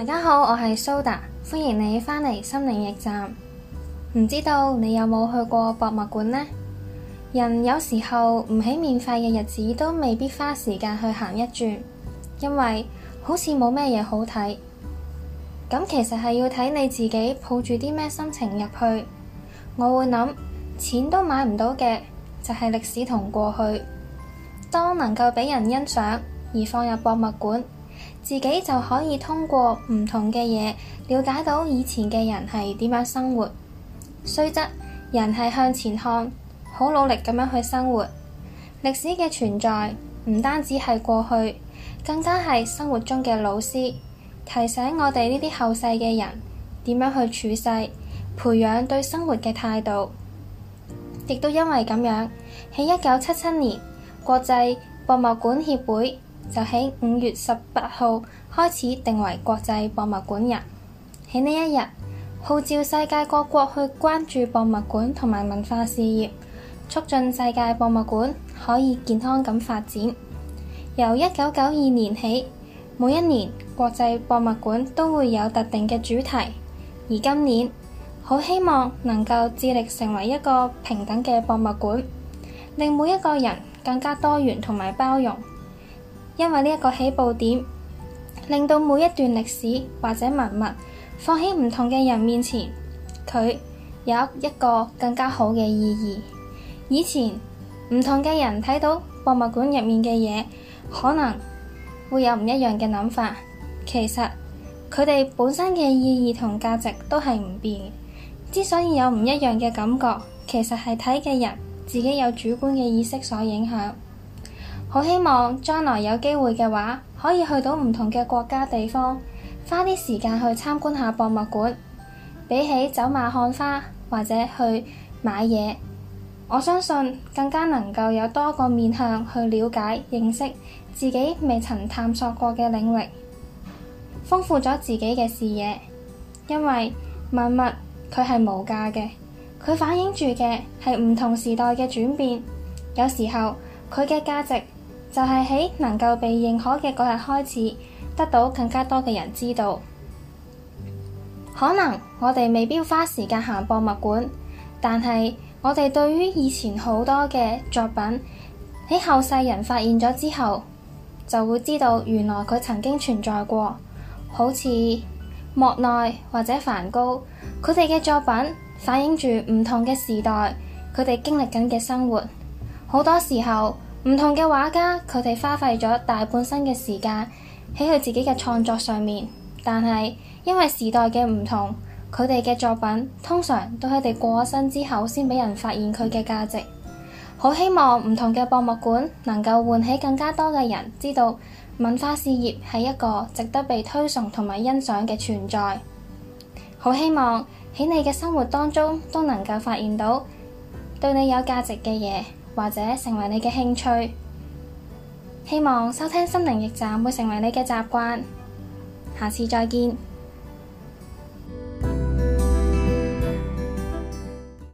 大家好，我係蘇達，歡迎你返嚟心靈驛站。唔知道你有冇去過博物館呢？人有時候唔起免費嘅日子都未必花時間去行一轉，因為好似冇咩嘢好睇。咁其實係要睇你自己抱住啲咩心情入去。我會諗，錢都買唔到嘅就係、是、歷史同過去，當能夠俾人欣賞而放入博物館。自己就可以通過唔同嘅嘢，了解到以前嘅人係點樣生活。雖則人係向前看，好努力咁樣去生活。歷史嘅存在唔單止係過去，更加係生活中嘅老師，提醒我哋呢啲後世嘅人點樣去處世，培養對生活嘅態度。亦都因為咁樣，喺一九七七年，國際博物館協會，就喺五月十八號開始定為國際博物館日。喺呢一日，號召世界各國去關注博物館同埋文化事業，促進世界博物館可以健康咁發展。由一九九二年起，每一年國際博物館都會有特定嘅主題，而今年好希望能夠致力成為一個平等嘅博物館，令每一個人更加多元同埋包容。因為呢一個起步點，令到每一段歷史或者文物放喺唔同嘅人面前，佢有一個更加好嘅意義。以前唔同嘅人睇到博物館入面嘅嘢，可能會有唔一樣嘅諗法。其實佢哋本身嘅意義同價值都係唔變。之所以有唔一樣嘅感覺，其實係睇嘅人自己有主觀嘅意識所影響。好希望將來有機會嘅話，可以去到唔同嘅國家地方，花啲時間去參觀下博物館。比起走馬看花或者去買嘢，我相信更加能夠有多個面向去了解認識自己未曾探索過嘅領域，豐富咗自己嘅視野。因為文物佢係無價嘅，佢反映住嘅係唔同時代嘅轉變，有時候佢嘅價值。就係喺能夠被認可嘅嗰日開始，得到更加多嘅人知道。可能我哋未必花時間行博物館，但係我哋對於以前好多嘅作品喺後世人發現咗之後，就會知道原來佢曾經存在過。好似莫奈或者梵高，佢哋嘅作品反映住唔同嘅時代，佢哋經歷緊嘅生活，好多時候。唔同嘅畫家，佢哋花費咗大半生嘅時間喺佢自己嘅創作上面，但係因為時代嘅唔同，佢哋嘅作品通常都係佢哋過咗身之後，先畀人發現佢嘅價值。好希望唔同嘅博物館能夠喚起更加多嘅人知道文化事業係一個值得被推崇同埋欣賞嘅存在。好希望喺你嘅生活當中都能夠發現到對你有價值嘅嘢。或者成為你嘅興趣，希望收聽心靈驛站會成為你嘅習慣。下次再見。